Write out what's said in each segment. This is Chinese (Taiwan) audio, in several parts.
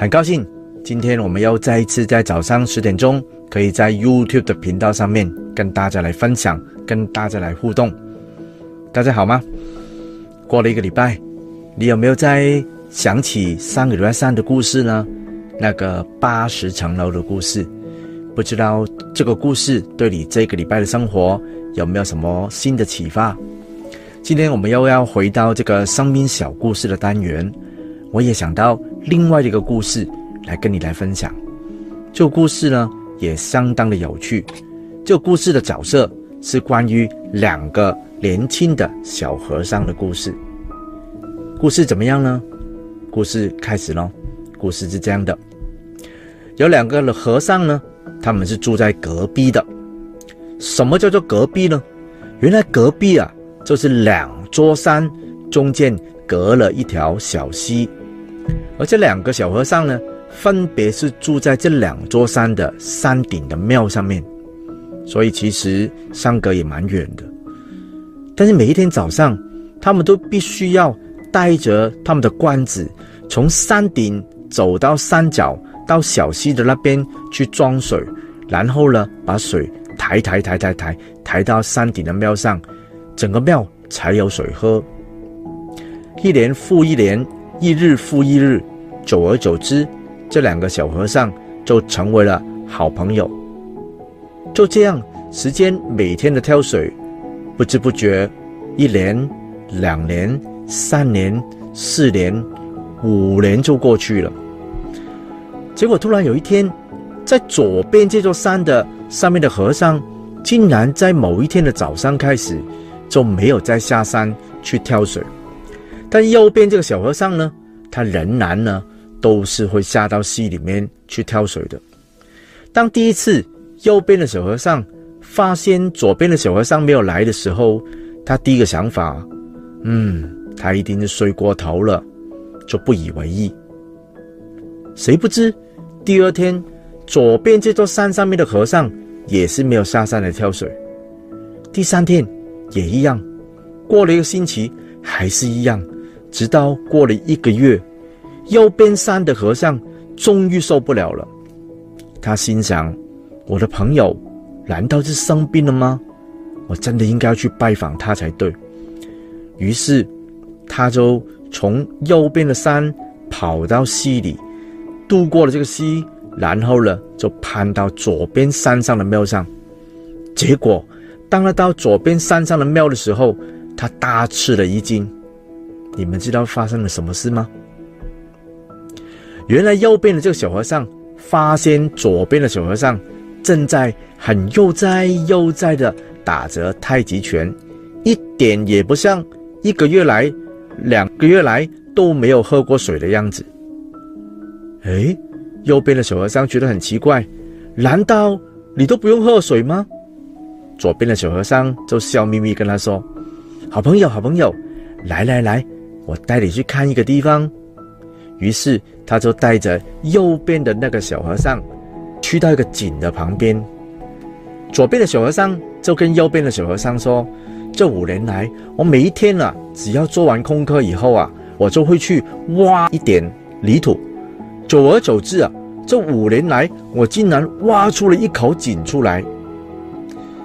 很高興今天我們又再一次在早上十點鐘，可以在 YouTube 的頻道上面跟大家來分享，跟大家來互動。大家好嗎？過了一個禮拜，你有沒有再想起上個禮拜三的故事呢？那個八十層樓的故事，不知道這個故事對你這個禮拜的生活有沒有什麼新的啟發？今天我們又要回到這個生命小故事的單元。我也想到另外一個故事來跟你來分享，這個故事呢也相當的有趣。這個故事的角色是關於兩個年輕的小和尚的故事。故事怎麼樣呢？故事開始囉，故事是這樣的：有兩個和尚呢，他們是住在隔壁的。什麼叫做隔壁呢？原來隔壁啊，就是兩座山中間隔了一條小溪。而這兩個小和尚呢，分別是住在這兩座山的山頂的廟上面，所以其實相隔也蠻遠的。但是每一天早上，他們都必須要帶着他們的罐子，從山頂走到山腳，到小溪的那邊去裝水，然後呢，把水抬抬抬抬抬抬，抬到山頂的廟上，整個廟才有水喝。一年復一年。一日復一日，久而久之，這兩個小和尚就成為了好朋友。就這樣，時間每天的挑水，不知不覺，一年、兩年、三年、四年、五年就過去了。結果，突然有一天，在左邊這座山的上面的和尚，竟然在某一天的早上開始，就沒有再下山去挑水。但右邊這個小和尚呢，他仍然呢都是會下到溪裡面去挑水的。當第一次右邊的小和尚發現左邊的小和尚沒有來的時候，他第一個想法，嗯，他一定是睡過頭了，就不以為意。誰不知第二天左邊這座山上面的和尚也是沒有下山來挑水，第三天也一樣，過了一個星期還是一樣。直到過了一個月，右邊山的和尚終於受不了了。他心想：“我的朋友難道是生病了嗎？我真的應該去拜訪他才對。”於是，他就從右邊的山跑到溪裡，渡過了這個溪，然後呢，就攀到左邊山上的廟上。結果，當他到左邊山上的廟的時候，他大吃了一驚。你們知道發生了什麼事嗎？原來右邊的這個小和尚發現左邊的小和尚正在很悠哉悠哉的打着太極拳，一點也不像一個月來、兩個月來都沒有喝過水的樣子。哎，右邊的小和尚覺得很奇怪，難道你都不用喝水嗎？左邊的小和尚就笑眯眯跟他說：“好朋友，好朋友，來來來。”我帶你去看一個地方，於是他就帶着右邊的那個小和尚，去到一個井的旁邊。左邊的小和尚就跟右邊的小和尚說：“這五年來，我每一天啊，只要做完功課以後啊，我就會去挖一點泥土。久而久之啊，這五年來，我竟然挖出了一口井出來。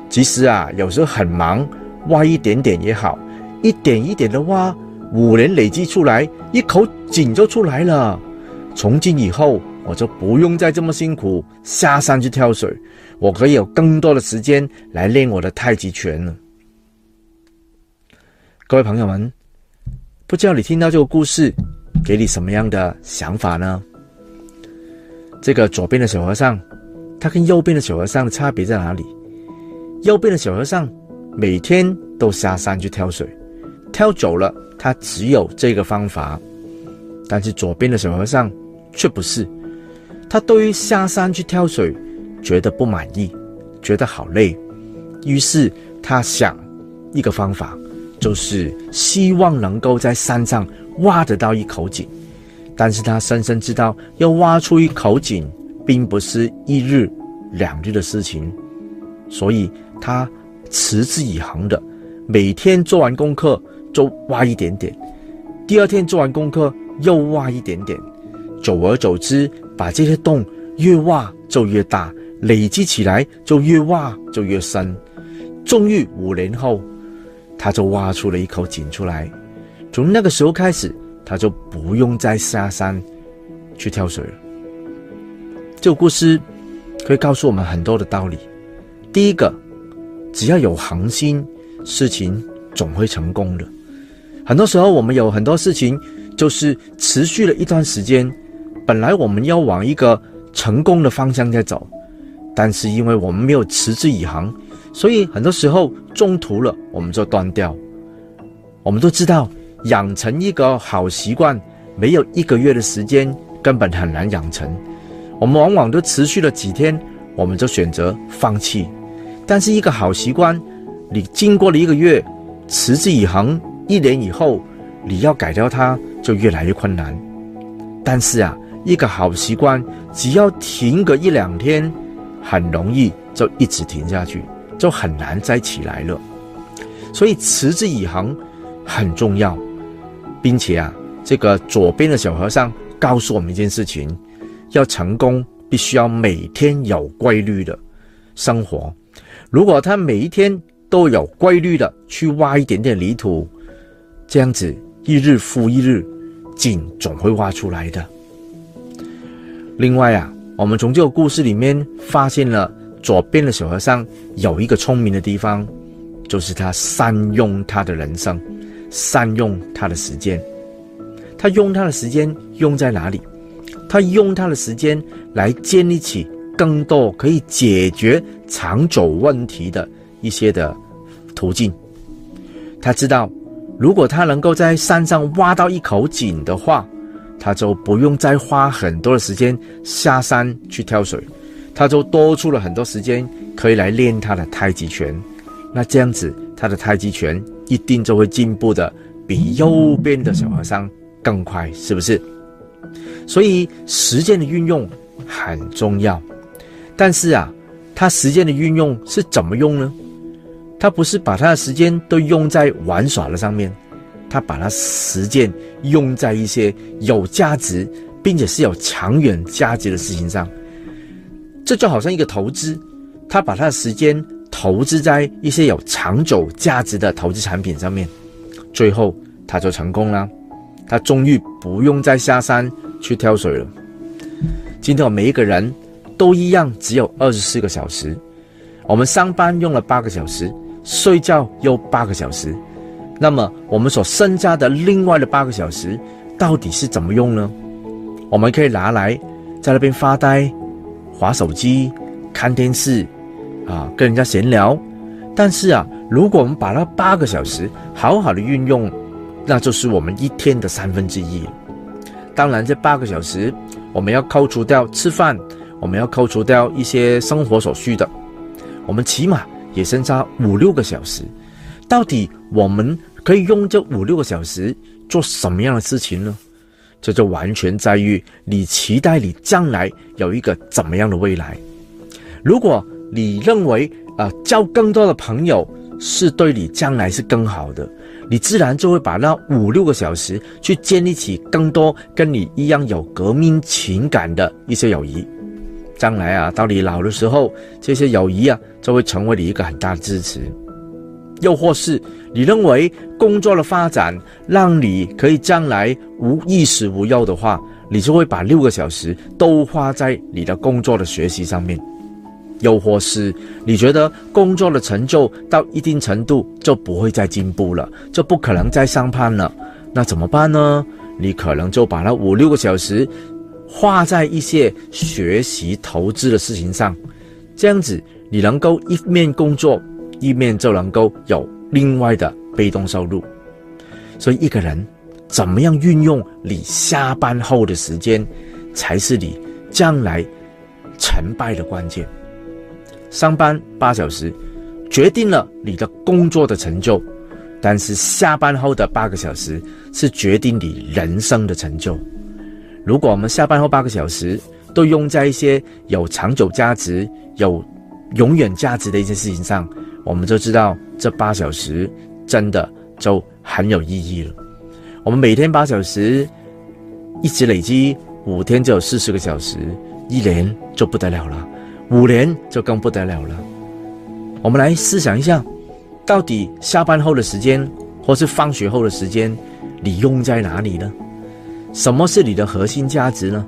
其實啊，有時候很忙，挖一點點也好，一點一點的挖。”五年累積出來，一口井就出來了，從今以後我就不用再這麼辛苦下山去挑水，我可以有更多的時間來練我的太極拳了。各位朋友們，不知道你聽到這個故事，給你什麼樣的想法呢？這個左邊的小和尚，他跟右邊的小和尚的差別在哪裡？右邊的小和尚每天都下山去挑水。挑走了，他只有這個方法，但是左邊的小和尚卻不是，他對於下山去挑水覺得不滿意，覺得好累，於是他想一個方法，就是希望能夠在山上挖得到一口井，但是他深深知道要挖出一口井並不是一日兩日的事情，所以他持之以恆的每天做完功課。就挖一點點，第二天做完功課又挖一點點，久而久之，把這些洞越挖就越大，累積起來就越挖就越深。終於五年後，他就挖出了一口井出來。從那個時候開始，他就不用再下山去挑水了。這個故事可以告訴我們很多的道理。第一個，只要有恆心，事情總會成功的。很多時候，我們有很多事情，就是持續了一段時間，本來我們要往一個成功的方向在走，但是因為我們沒有持之以恆，所以很多時候中途了我們就斷掉。我們都知道，養成一個好習慣，沒有一個月的時間根本很難養成。我們往往都持續了幾天，我們就選擇放棄。但是一個好習慣，你經過了一個月，持之以恆。一年以後，你要改掉它就越來越困難。但是啊，一個好習慣只要停個一兩天，很容易就一直停下去，就很難再起來了。所以持之以恆很重要，並且啊，這個左邊的小和尚告訴我們一件事情：要成功，必須要每天有規律的生活。如果他每一天都有規律的去挖一點點泥土，這樣子，一日復一日，井總會挖出來的。另外啊，我們從這個故事裡面發現了左邊的小和尚有一個聰明的地方，就是他善用他的人生，善用他的時間。他用他的時間用在哪裡？他用他的時間來建立起更多可以解決長久問題的一些的途徑。他知道。如果他能夠在山上挖到一口井的話，他就不用再花很多的時間下山去挑水，他就多出了很多時間可以來練他的太極拳。那這樣子，他的太極拳一定就會進步的比右邊的小和尚更快，是不是？所以時間的運用很重要，但是啊，他時間的運用是怎麼用呢？他不是把他的時間都用在玩耍的上面，他把他時間用在一些有價值並且是有長遠價值的事情上。這就好像一個投資，他把他的時間投資在一些有長久價值的投資產品上面，最後他就成功了。他終於不用再下山去挑水了。今天我每一個人都一樣，只有二十四個小時，我們上班用了八個小時。睡覺又八個小時，那麼我們所剩下的另外的八個小時，到底是怎麼用呢？我們可以拿來在那邊發呆、滑手機、看電視、啊跟人家閒聊。但是啊，如果我們把那八個小時好好的運用，那就是我們一天的三分之一。當然，這八個小時我們要扣除掉吃飯，我們要扣除掉一些生活所需的，我們起碼。也剩下五六個小時，到底我們可以用這五六個小時做什麼樣的事情呢？這就完全在於你期待你將來有一個怎麼樣的未來。如果你認為，呃，交更多的朋友是對你將來是更好的，你自然就會把那五六個小時去建立起更多跟你一樣有革命情感的一些友誼。將來啊，到你老的時候，這些友誼啊，就會成為你一個很大的支持。又或是你認為工作的發展讓你可以將來無衣食無憂的話，你就會把六個小時都花在你的工作的學習上面。又或是你覺得工作的成就到一定程度就不會再進步了，就不可能再上攀了，那怎麼辦呢？你可能就把那五六個小時。花在一些學習、投資的事情上，這樣子你能夠一面工作，一面就能夠有另外的被動收入。所以，一個人怎麼樣運用你下班後的時間，才是你將來成敗的關鍵。上班八小時決定了你的工作的成就，但是下班後的八個小時是決定你人生的成就。如果我們下班後八個小時都用在一些有長久價值、有永遠價值的一些事情上，我們就知道這八小時真的就很有意義了。我們每天八小時，一直累積五天就有四十個小時，一年就不得了了，五年就更不得了了。我們來試想一下，到底下班後的時間或是放學後的時間，你用在哪裡呢？什麼是你的核心價值呢？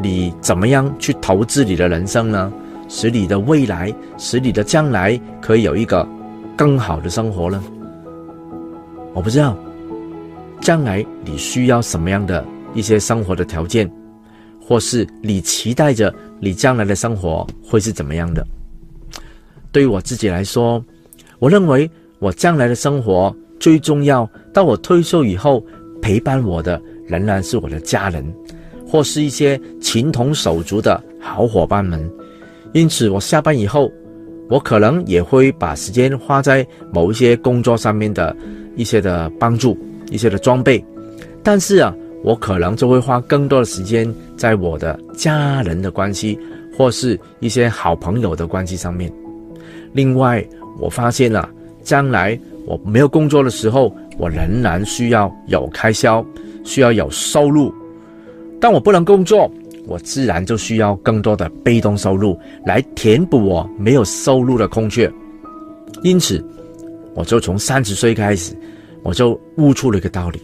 你怎麼樣去投資你的人生呢？使你的未來，使你的將來可以有一個更好的生活呢？我不知道，將來你需要什麼樣的一些生活的條件，或是你期待着你將來的生活會是怎麼樣的？對於我自己來說，我認為我將來的生活最重要，到我退休以後，陪伴我的。仍然是我的家人，或是一些情同手足的好夥伴們，因此我下班以後，我可能也會把時間花在某一些工作上面的一些的幫助、一些的裝備，但是啊，我可能就會花更多的時間在我的家人的關係，或是一些好朋友的關係上面。另外，我發現了，啊，將來。我沒有工作的時候，我仍然需要有開銷，需要有收入。但我不能工作，我自然就需要更多的被動收入來填補我沒有收入的空缺。因此，我就從三十歲開始，我就悟出了一個道理：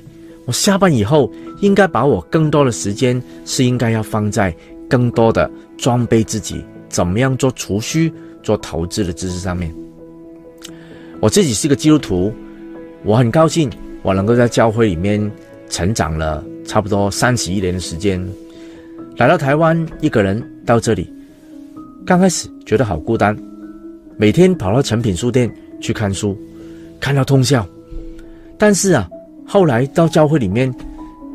我下班以後，應該把我更多的時間是應該要放在更多的裝備自己，怎麼樣做儲蓄、做投資的知識上面。我自己是個基督徒，我很高興我能夠在教會裡面成長了差不多三十一年的時間。來到臺灣，一個人到這裡，剛開始覺得好孤單，每天跑到誠品書店去看書，看到通宵。但是啊，後來到教會裡面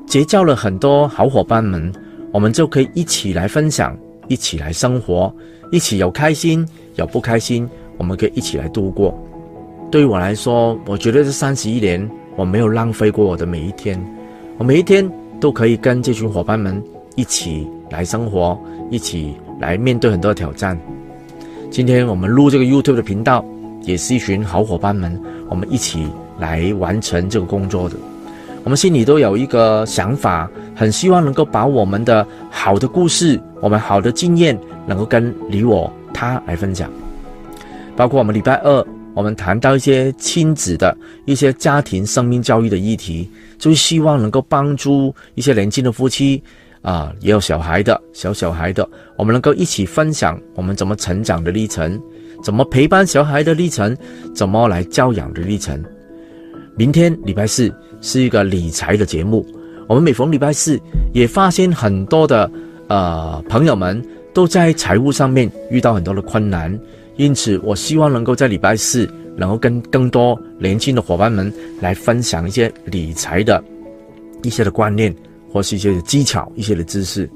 結交了很多好夥伴們，我們就可以一起來分享，一起來生活，一起有開心，有不開心，我們可以一起來度過。對於我來說，我覺得這三十一年我沒有浪費過我的每一天。我每一天都可以跟這群夥伴們一起來生活，一起來面對很多挑戰。今天我們錄這個 YouTube 的頻道，也是一群好夥伴們，我們一起來完成這個工作的。我們心裡都有一個想法，很希望能夠把我們的好的故事、我們好的經驗，能夠跟你、我、他來分享。包括我們禮拜二。我們談到一些親子的一些家庭生命教育的議題，就是希望能夠幫助一些年輕的夫妻，啊、呃，也有小孩的，小小孩的，我們能夠一起分享我們怎麼成長的歷程，怎麼陪伴小孩的歷程，怎麼來教養的歷程。明天禮拜四是一個理財的節目，我們每逢禮拜四也發現很多的，呃，朋友們都在財務上面遇到很多的困難。因此，我希望能夠在禮拜四，能夠跟更多年輕的夥伴們來分享一些理財的一些的觀念，或是一些技巧、一些的知識。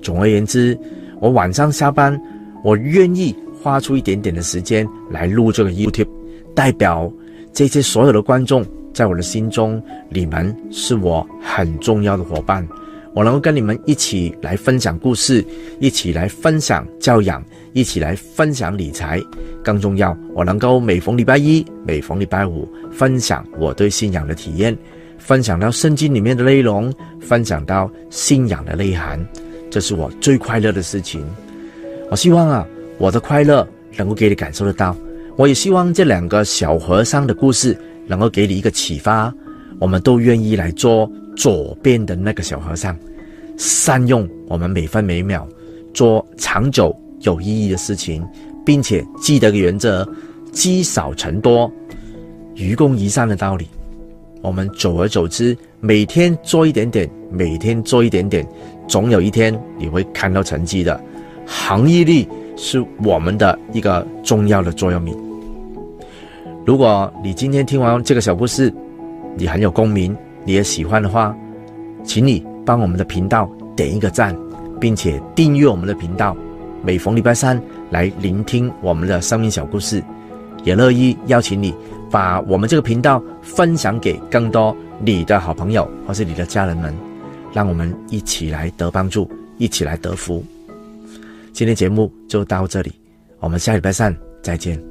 總而言之，我晚上下班，我願意花出一點點的時間來錄這個 YouTube，代表這些所有的觀眾，在我的心中，你們是我很重要的夥伴。我能夠跟你們一起來分享故事，一起來分享教養，一起來分享理財，更重要，我能夠每逢禮拜一、每逢禮拜五分享我對信仰的體驗，分享到聖經裡面的內容，分享到信仰的內涵，這是我最快樂的事情。我希望啊，我的快樂能夠給你感受得到，我也希望這兩個小和尚的故事能夠給你一個啟發，我們都願意來做。左邊的那個小和尚，善用我們每分每秒做長久有意義的事情，並且記得原則：積少成多，愚公移山的道理。我們久而久之，每天做一點點，每天做一點點，總有一天你會看到成績的。恆毅力是我們的一個重要的座右銘。如果你今天聽完這個小故事，你很有共鳴。你也喜歡的話，請你幫我們的頻道點一個贊，並且訂閱我們的頻道。每逢禮拜三來聆聽我們的生命小故事，也樂意邀請你把我們這個頻道分享給更多你的好朋友或是你的家人們，讓我們一起來得幫助，一起來得福。今天節目就到這裡，我們下禮拜三再見。